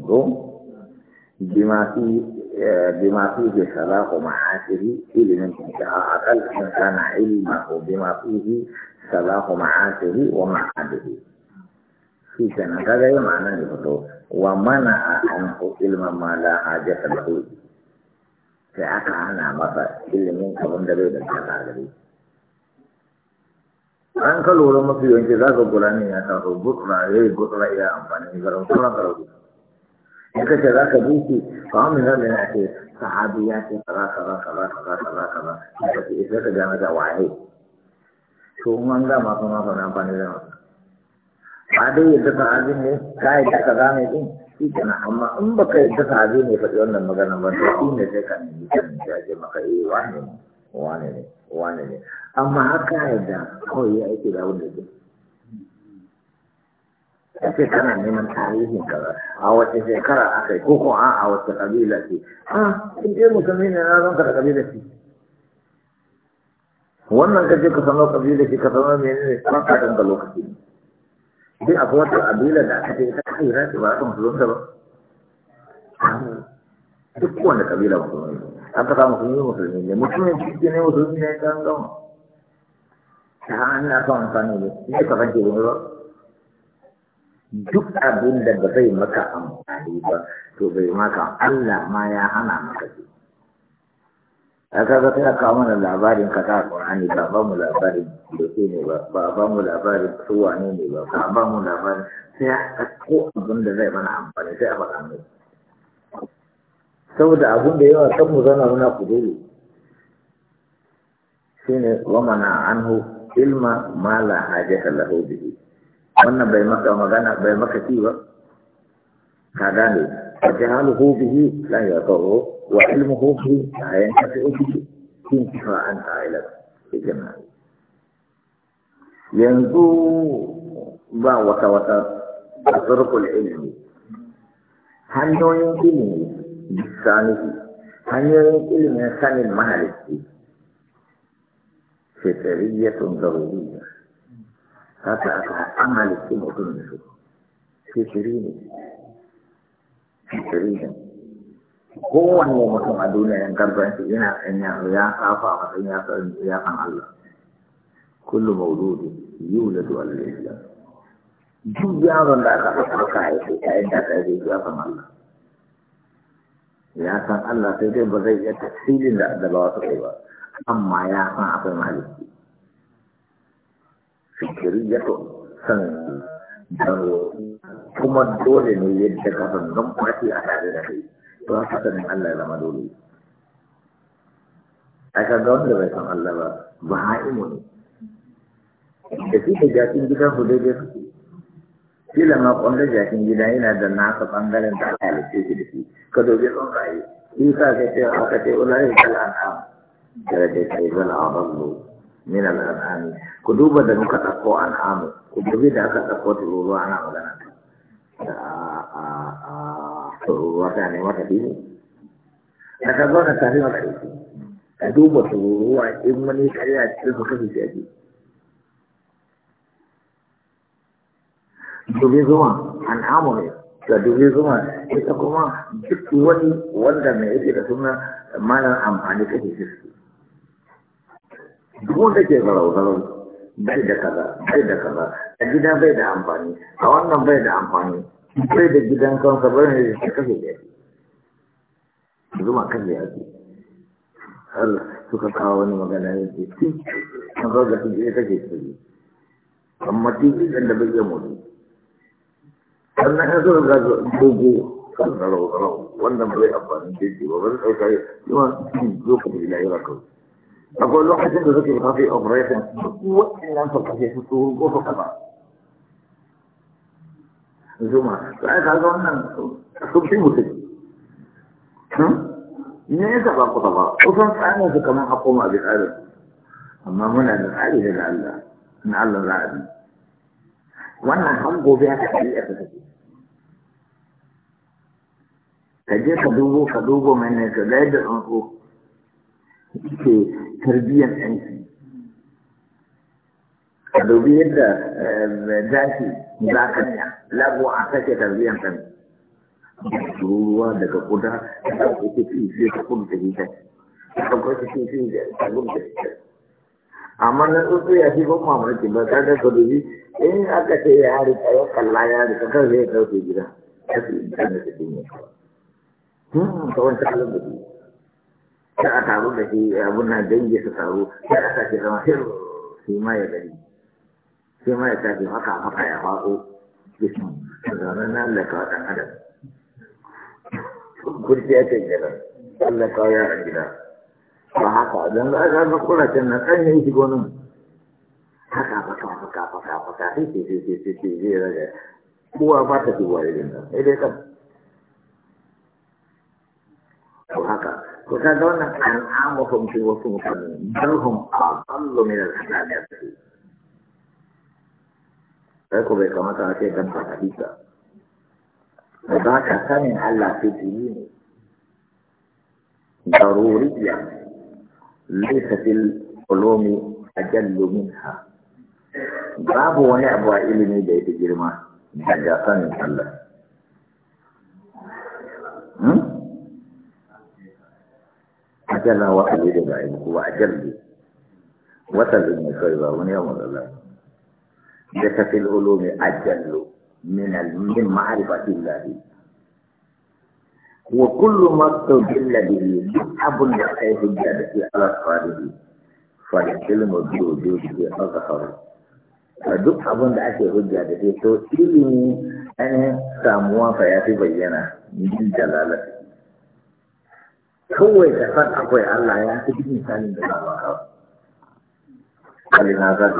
go بما فيه بما فيه صلاح معاشره علم أقل من كان علمه بما فيه صلاح معاشره ومعاده في سنة كذا معنى يفتو ومنع عنه علم ما لا حاجة له فأكا أنا مطا علم كمن دلو دلو an ka lura mafi yanki za ka gura ne ya taso butura ya yi butura iya amfani da garin kuma ka rubuta haka ce za ka ji shi ka wani zama yana ce sahabi ya ce kaza kaza kaza kaza kaza kaza ka ce isa ka gane da waye to man ga masu masu na amfani da masu ba dai yadda sahabi ne ka yi da kaza mai din shi kenan amma in ba ka yadda sahabi ne faɗi wannan magana ba to shi ne sai ka nemi kan ya ce maka eh wane ne wane ne wane ne amma haka yadda kawai ya aiki da wanda ke a ce kana neman tarihin kaza a wace shekara aka yi ko ko a a wace kabila ce a in dai musulmi ne na zonka da kabila ce wannan kaje ka sanar kabila ce ka sanar mai ne ba ka danga lokaci ne sai akwai wata kabila da aka ce ta kai ce ba ka musulunta ba duk wanda kabila musulmi ne an ka samu musulmi musulmi ne mutumin cikin ne musulmi ne ya gama ta hannun a kan amfani ne ne ka fanke ne ba duk abin da ba zai maka amfani ba to bai maka Allah ma ya hana maka shi a kaga tana kawo mana labarin ka ta Qur'ani ba ba mu labarin ke ne ba ba ba mu labarin suwane ne ba ba ba mu labarin sai a ko abin da zai mana amfani sai a faɗa mai saboda abin da yawa kan mu zauna muna kuduru shine wa mana anhu ilma ma la hajata lahu bihi wannan bai maka magana bai maka ci ba ka gane a wa jahaluhu bihi la yadurru wa ilmu ilmuhu bihi la yantafi'u bihi kin fa an ta'ala ikama yanzu ba wata wata tsarkul ilmi hanyoyin ilimi bisanihi hanyoyin ilimin sanin mahalicci fitariyatun zaruriyya هذا أكبر أما للسنة دون نسوء في شرين في شرين هو يعني أن يمكن أدونا أن قربا سينا أن يا خافا وأن يا خان الله كل مولود يولد على الإسلام جو يا من لا تقصد كايسي أين تأتي يا خان الله يا خان الله سيدي بزيجة تفصيل لا دلوات الحوار أما يا خان أبو مالكي fikiriyatun san kuma dole ne yadda kafin don kwaci a tare da kai to haka sanin Allah ya zama dole a ga wanda bai san Allah ba ba ha'imu ne da shi da jakin gidan su daidai suke kila ma kwanza jakin gida yana da nasa bangaren da aka halitta shi da shi ka dobe tsuntsaye in sa ka ce aka ce kala ulayi kal'an'am da da ke zana a ballo min al'anami ku duba da muka ɗauko al'amu ku dubi da aka ɗauko tururuwa ana magana da ta ne mata dini da ka zo ka tafi maka aiki ka duba tururuwa in wani karya cikin su kasu shi dubi zuma al'amu ne da dubi zuma ita kuma duk wani wanda mai yake da suna malar amfani kashe shirki duk wanda ke farautarau bai da kaza bai da kaza a gida bai da amfani a wannan bai da amfani bai da gidan kansa bai ne da kafe da yake zuma kan da yake Har suka kawo wani magana ya ce kan zo da kuje kake tsiri amma titi kan da bai yi mutu sannan ya zo da gogo kan rau rau wanda bai amfani da shi ba ba zai dauka yi kuma zo ka bi yi kawai أقول له حسن ذكي يبقى أوبريشن وإن لم تبقى في سطور وفق بعض زوما فأنت عايز أن تبقى مسجد ليس بقطبة وصنع أنا كمان أقوم أبي العلم. أما هنا نفعله لله نعلم العالم وأنا فيها بها تحقيقة تجي تدوبه تدوبه من لا أنقوه ke tarbiyyar yanki ka dubi yadda zaki eh, zakanya lagu a sake tarbiyyar kan ruwa daga kuda ta ɗauke ta fi sai ta kudu ta hita ta ɗauke ta fi ta kudu ta hita amma na tsotso ya fi ban mamaki ba ta da dubi in aka ce ya rika ya kalla ya rika kan zai ta gida ta fi ta da ta fi ne hmm, kawai ta wancan alaɓa sai a taru da shi abun nan dangi su taru sai a tashi zama hir shi ma ya gani shi ma ya tafi haka haka ya faɗo cikin zanen na Allah wa adam kurci ya ce gida Allah wa yaran gida ba haka don za a zama can na kan yi shigo nan haka faka faka faka faka sai sai sai sai sai zai raga kowa ba ta fi wa irin nan sai dai kan وكذا وانا انعامهم في وصول بل هم اضل من الحساب يبتدي أن بيكا متى اشي وذاك سمع على في دينه ضروريا ليس في العلوم اجل منها باب ونعب علمي بيت جرمان حاجة سمع الله ajala wa a da ba yi kuwa ajal ne Wata din ne kawai ba wani yawan da zai da ta fi lolo mai ajallo min almin ma'arifatin lahi wa kullu ma tawjilla bihi duk abun da kai hujja da shi ala sadiqi fa ilmu bi wujudi azhar duk abun da ake hujja da shi to ilimi an samuwa fa ya fi bayyana min dalalati kawai da akwai Allah ya fi da ba ka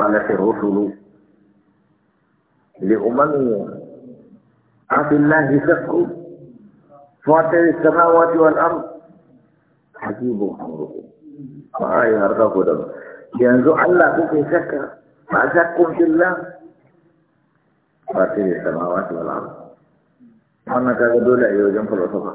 الرسل لأمم عبد الله شكوا فاطر السماوات والأرض عجيب أمره ما يرضى قدره ينزو الله الله فاطر السماوات والأرض وانا كذا دولة يوجد في الأسفل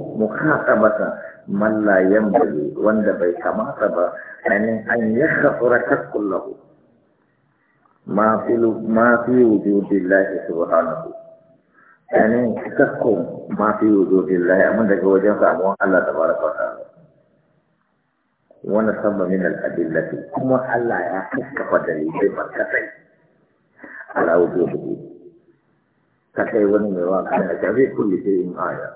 muhatabata man la yanbaghi wanda bai kamata ba anin an yakhsura kullahu ma fi ma fi wujudillahi subhanahu anin takku ma fi wujudillahi amma daga wajen samuwan Allah tabaraka wa ta'ala wani sabba min al'adillati kuma Allah ya kaskafa dalilai barkatai ala wujudihi ka kai wani mai waka da jabe kulli sai in aya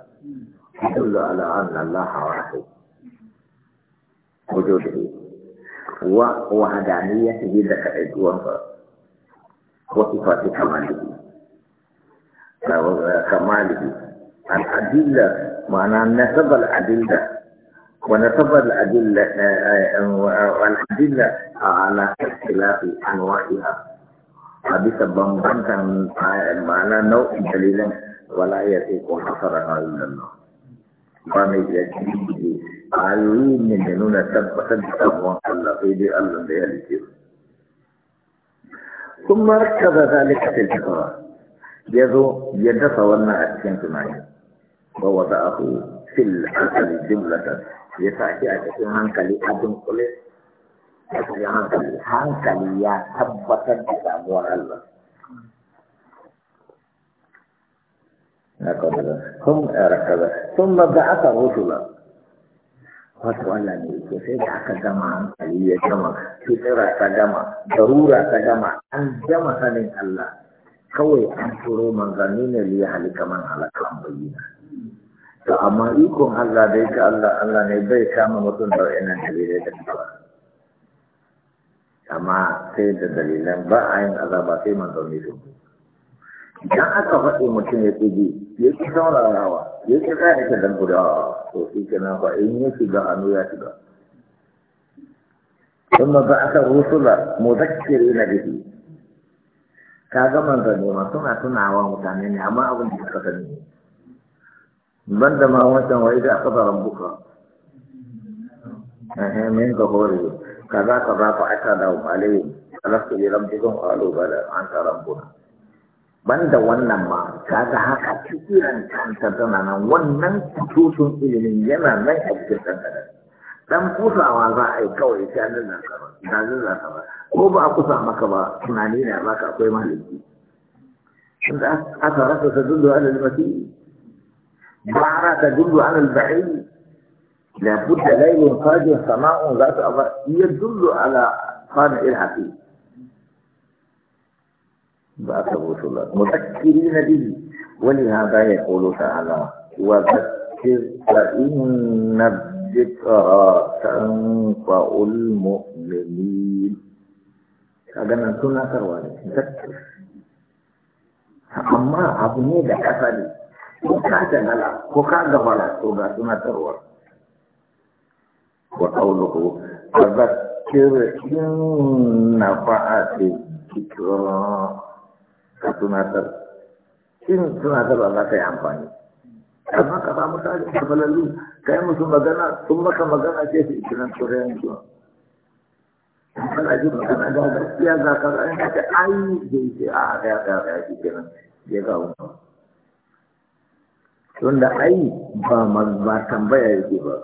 يدل على أن الله واحد وجوده ووحدانيته لك وصفات كماله كماله الأدلة معنى نسب الأدلة ونسب الأدلة الأدلة على اختلاف أنواعها حديث بمبنتا معنى نوع دليل ولا يثيق حصرها إلا الله ba mai iya cikinke hanyoyin da nuna tabbatar da sabon Allah sai dai Allah da ya halitte su. Sun marka ba za a cikawa, ya zo ya dafa wannan a cikin tunani, ba wata abu fil hankali jimlatar ya sake a cikin hankali a dunkule, a cikin hankali, hankali ya tabbatar da sabuwar Allah. هم ركب ثم mutu ba. wato Allah ne yake sai da aka gama hankali ya gama fitira ta gama darura ta gama an gama sanin Allah kawai an turo manzanni ne liya halika man halakan bayyana to amma ikon Allah da yake Allah Allah ne bai kama mutum da wayannan dalilai da ba amma sai da dalilan ba a yin azaba sai manzanni sun idan aka faɗi mutum ya tsiji ya ci saurarawa ya ci tsaye ta dan gudawa to shi kenan ba in ya shiga hannu ya shiga da بعث na مذكرين Ka ga manzanni ma suna tunawa mutane ne amma abin da suka sani ban da ma wancan wai da aka fara buka eh min ka hore kaza kaza fa aka da alai alastu bi rabbikum qalu bala anta rabbuna banda wannan ma kaga haka cikin kanta tana nan wannan tutun ilimin yana nan a cikin ɗanɗanar dan kusawa za a yi kawai ta nan da ka ba ko ba a kusa maka ba tunani ne ba ka akwai maliki da aka rasa ta dudu ala al-mati bara ta dundu ala al-ba'i la budda laylun fajr sama'un za ta aba yadullu ala fana il-haqiq ba a ka rubuto ba mu tsakiri wani ha ya kolo ta ala wa tsakir da inna dikara fa ul mu'mini ka ga suna karwa ne tsakir amma abu da kasa ne ko ka ta ko ka gaba la to ga suna karwa wa kauluhu fa tsakir inna fa'ati kikra ka tunatar shin tunatarwa za ta yi amfani amma ka samu tajin kafalallu ka yi musu magana semua maka magana ce su ikinan yang zuwa kana ji magana ga gaskiya ga kaza in ka ce ai bai ce a kaya, ga ga shi kenan ya ga wani don da ai ba ba tambaya yake ba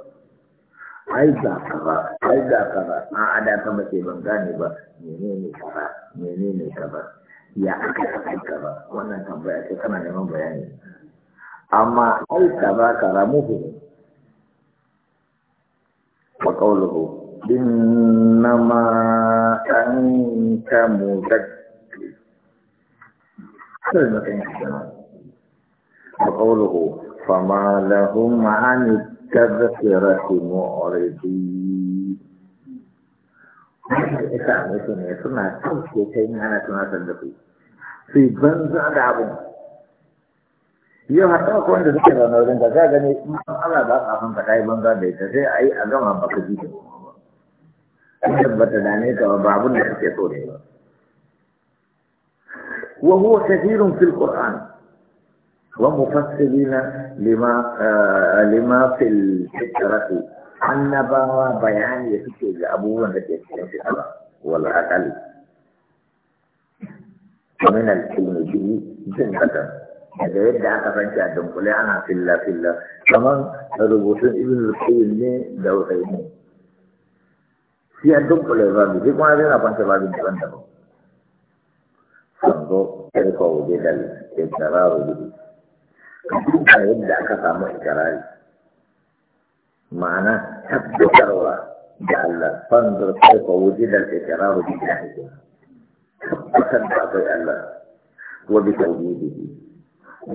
ai da kaza ai da kaza a ada mace ban gane ba menene kaza menene kaza ya aka ta aika ba wannan tambaya ce kana neman bayani amma aika ba ka ramuhu wa qawluhu innama anta mudakkir sai na kan shi wa qawluhu fama lahum an tadhkirati mu'ridin Hakan isa a mutu ne suna sauke kai ana tunatar da su. Sai banza da abu. Yau har ɗauka wanda suke zaune wurin ka za gani in Allah ba ka fanka ta yi banza da ita sai a yi a gama ba ka ji da ba. Ina ba ta dane ka ba abin da suke so ne ba. Wa huwa kathirun fil Qur'an wa mufassirina lima lima fil fitrati annabawa bayani da suke ga abubuwan da ke cikin fitila wal aqal min al ilmi bi jannatan da yadda aka fanci a dunkule ana filla filla kamar rubutun ibn al-qayyim ne da ne shi a dunkule ba bi duk wani na fanci ba bi daban daban sanzo irka wuce dal ikiraru bi ka duba yadda aka samu ikirari ma'ana tabbatarwa da Allah fanzur kaifa wujida al-iqrar bi ilahihi tabbatar da akwai Allah wa bi tauhidihi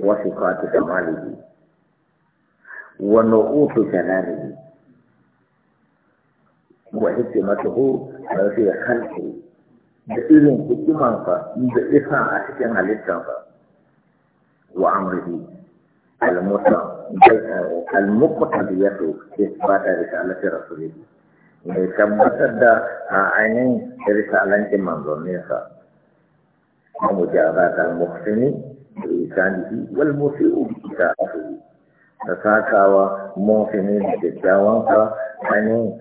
wa sifati kamalihi wa nu'utu kalamihi wa hikmatuhu fi khalqihi da irin hikimansa da isa a cikin halittarsa wa amrihi المقتضية إثبات رسالة رسول الله mai tabbatar da a ainihin risalancin manzoninsa a mujarata muhsini da isanihi wal musi'u bi ta'afihi da sakawa muhsini da kyakkyawansa ainihin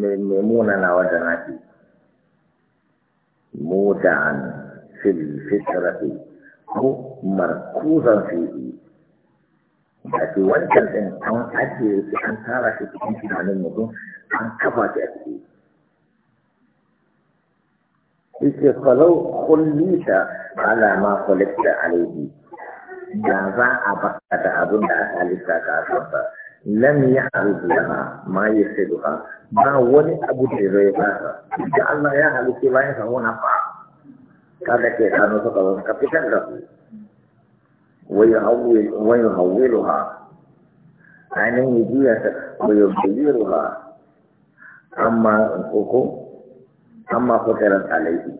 mai munana wajen naki muda'an fil fitrati ko markuzan fi'i da ke wancan ɗin an ajiye shi an tara shi cikin tunanin mutum an kafa shi a ciki yake falau kullita ala ma a alaihi da za a baka da abin da aka halitta ka asabba lam ya harubu yana ma yi sai duka ba wani abu da zai fara da Allah ya halitta bayan sa wani fa kada ke kano suka zo ka fitar da su ويهولها ainihin yajiya ta bayyarwa amma koko amma fakarar alaihi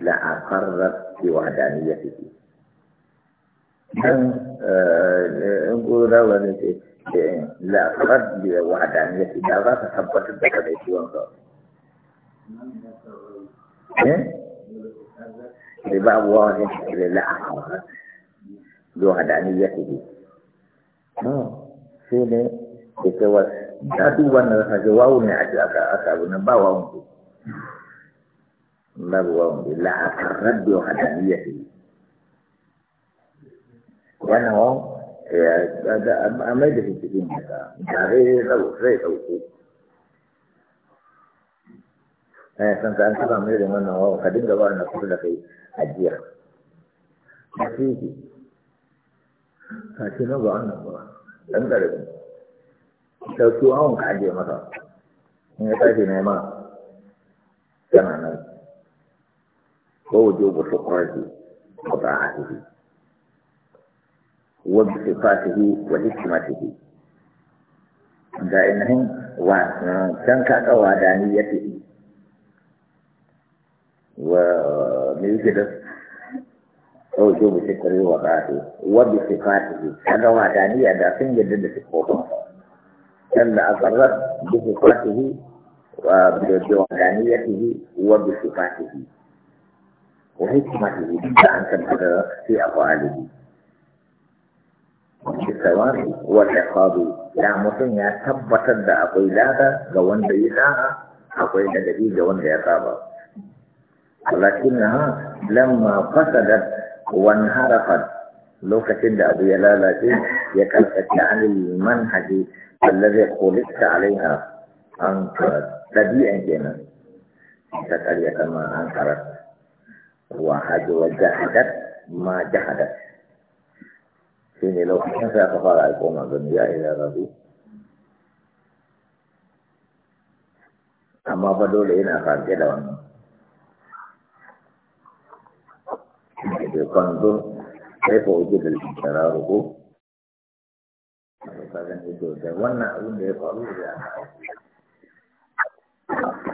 la'akarar cewa daniya take dan in guru da wani ce la'akarar da wadaniya da za tabbatar da kadaiciwanka بباب واضح للأحمر ذو هدانيته shi ne da ta duba na rasa ce ne ake aka aka abu nan ba wawun ku babu wawun ku la'akar radio hadaniya ce wannan wawun a mai da shi cikin da zai zai ɗauko eh san ka an kira mai da wannan wawa ka dinga ba na kusa da kai ajiya nasihi ka ce na ba wannan ba dan karbi dauki awon ka ajiye masa in ya tashi na ma yana nan ko wujubu shukrati wa ta'atihi wa bi sifatihi wa hikmatihi da inahin wa can ka kawa da ni ya fi وميكدس أو شو بشكره وقاته وبصفاته هذا وعدانية دا سنجد لسفوته كما أقرت بصفاته وبوحدانيته وبصفاته وحكمته أن تنقدر في أفعاله بالثواب والعقاب لا متن يا ثبت الدعاء قيلادا جوان بيداها أقول لدي جوان بيقابا ولكنها لما فسدت وانحرفت lokacin da abu ya lalace ya karkace anil manhaji allazi khuliqta alaiha an tabi'an kenan ta karya kama an karar wa haji wa jahadat ma jahadat shi ne lokacin sai aka fara aiko manzon ya ila rabu amma ba dole yana farke da wannan da kwanzo sai fa wuce da shara ko da wannan abin da ya faru da ya